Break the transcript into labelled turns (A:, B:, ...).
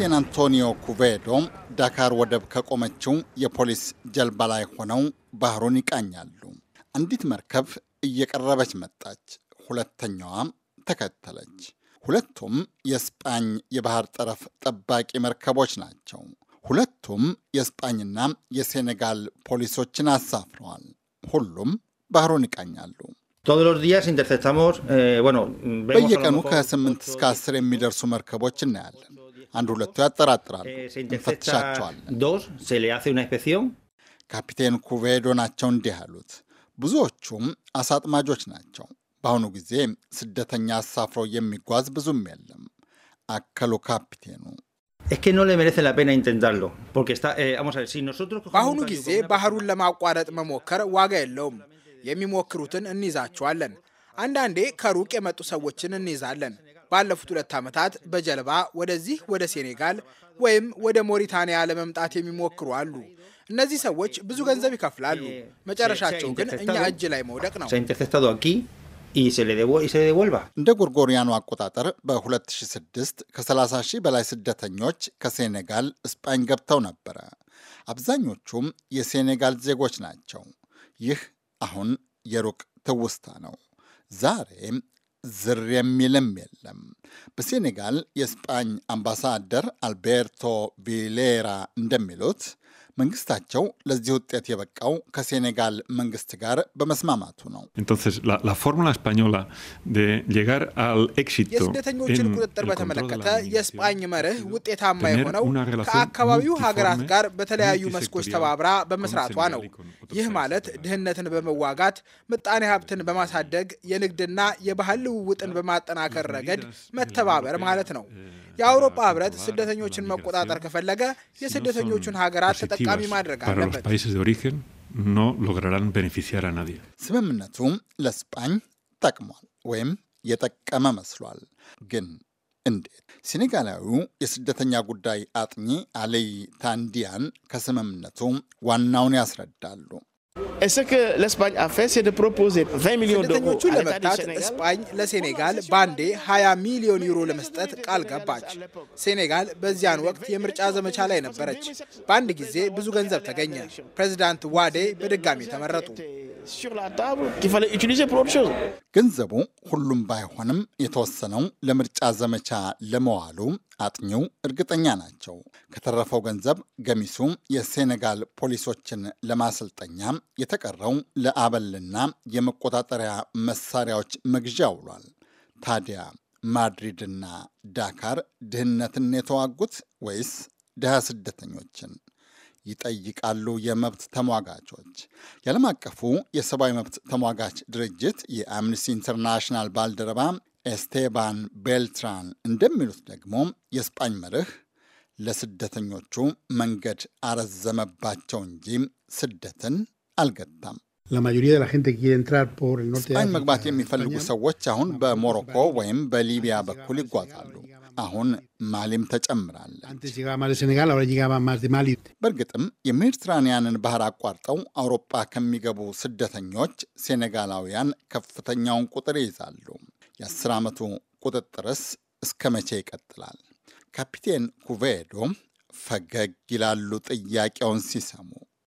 A: ካፒቴን አንቶኒዮ ኩቬዶ ዳካር ወደብ ከቆመችው የፖሊስ ጀልባ ላይ ሆነው ባህሩን ይቃኛሉ። አንዲት መርከብ እየቀረበች መጣች፣ ሁለተኛዋ ተከተለች። ሁለቱም የስጳኝ የባህር ጠረፍ ጠባቂ መርከቦች ናቸው። ሁለቱም የስጳኝና የሴኔጋል ፖሊሶችን አሳፍረዋል። ሁሉም ባህሩን ይቃኛሉ። eh, በየቀኑ ከስምንት እስከ አስር የሚደርሱ መርከቦች እናያለን። አንድ ሁለቱ ያጠራጥራሉ፣ eh, እንፈትሻቸዋለን። ካፒቴን ኩቬዶ ናቸው እንዲህ ያሉት። ብዙዎቹም አሳጥማጆች አጥማጆች ናቸው። በአሁኑ ጊዜ ስደተኛ አሳፍሮ የሚጓዝ ብዙም የለም አከሉ ካፒቴኑ። eh, በአሁኑ ጊዜ
B: ባህሩን ለማቋረጥ መሞከር ዋጋ የለውም። የሚሞክሩትን እንይዛቸዋለን። አንዳንዴ ከሩቅ የመጡ ሰዎችን እንይዛለን። ባለፉት ሁለት ዓመታት በጀልባ ወደዚህ ወደ ሴኔጋል ወይም ወደ ሞሪታንያ ለመምጣት የሚሞክሩ አሉ። እነዚህ ሰዎች ብዙ ገንዘብ ይከፍላሉ። መጨረሻቸው ግን እኛ እጅ ላይ መውደቅ ነው።
A: እንደ ጎርጎሪያኑ አቆጣጠር በ2006 ከ30 ሺህ በላይ ስደተኞች ከሴኔጋል እስጳኝ ገብተው ነበረ። አብዛኞቹም የሴኔጋል ዜጎች ናቸው። ይህ አሁን የሩቅ ትውስታ ነው። ዛሬ። ዝር የሚልም የለም። በሴኔጋል የስጳኝ አምባሳደር አልቤርቶ ቪሌራ እንደሚሉት መንግስታቸው ለዚህ ውጤት የበቃው ከሴኔጋል መንግስት ጋር በመስማማቱ ነው። የስደተኞችን ቁጥጥር በተመለከተ
B: የስጳኝ መርህ ውጤታማ የሆነው ከአካባቢው ሀገራት ጋር በተለያዩ መስኮች ተባብራ በመስራቷ ነው። ይህ ማለት ድህነትን በመዋጋት ምጣኔ ሀብትን በማሳደግ የንግድና የባህል ልውውጥን በማጠናከር ረገድ መተባበር ማለት ነው። የአውሮፓ ህብረት ስደተኞችን መቆጣጠር ከፈለገ የስደተኞቹን ሀገራት ተጠቃሚ para los países de origen
A: no lograrán beneficiar a nadie። ስምምነቱ ሴኔጋላዊው የስደተኛ ጉዳይ አጥኚ አለይ ታንዲያን ከስምምነቱ ዋናውን ያስረዳሉ።
B: Et ce que l'Espagne a fait, c'est de proposer 20 ሚሊዮን ስደተኞቹ ለመርዳት እስፓኝ ለሴኔጋል ባንዴ 20 ሚሊዮን ዩሮ ለመስጠት ቃል ገባች። ሴኔጋል በዚያን ወቅት የምርጫ ዘመቻ ላይ ነበረች። በአንድ ጊዜ ብዙ ገንዘብ ተገኘ። ፕሬዚዳንት ዋዴ በድጋሚ ተመረጡ።
A: ገንዘቡ ሁሉም ባይሆንም የተወሰነው ለምርጫ ዘመቻ ለመዋሉ አጥኚው እርግጠኛ ናቸው። ከተረፈው ገንዘብ ገሚሱ የሴኔጋል ፖሊሶችን ለማሰልጠኛ፣ የተቀረው ለአበልና የመቆጣጠሪያ መሳሪያዎች መግዣ ውሏል። ታዲያ ማድሪድና ዳካር ድህነትን የተዋጉት ወይስ ድሃ ስደተኞችን? ይጠይቃሉ የመብት ተሟጋቾች። የዓለም አቀፉ የሰብአዊ መብት ተሟጋች ድርጅት የአምነስቲ ኢንተርናሽናል ባልደረባ ኤስቴባን ቤልትራን እንደሚሉት ደግሞ የስጳኝ መርህ ለስደተኞቹ መንገድ አረዘመባቸው እንጂ ስደትን አልገታም። ስጳኝ መግባት የሚፈልጉ ሰዎች አሁን በሞሮኮ ወይም በሊቢያ በኩል ይጓዛሉ። አሁን ማሊም ተጨምራለች። በእርግጥም የሜዲትራንያንን ባህር አቋርጠው አውሮፓ ከሚገቡ ስደተኞች ሴኔጋላውያን ከፍተኛውን ቁጥር ይይዛሉ። የአስር ዓመቱ ቁጥጥርስ እስከ መቼ ይቀጥላል? ካፒቴን ኩቬዶ ፈገግ ይላሉ ጥያቄውን ሲሰሙ።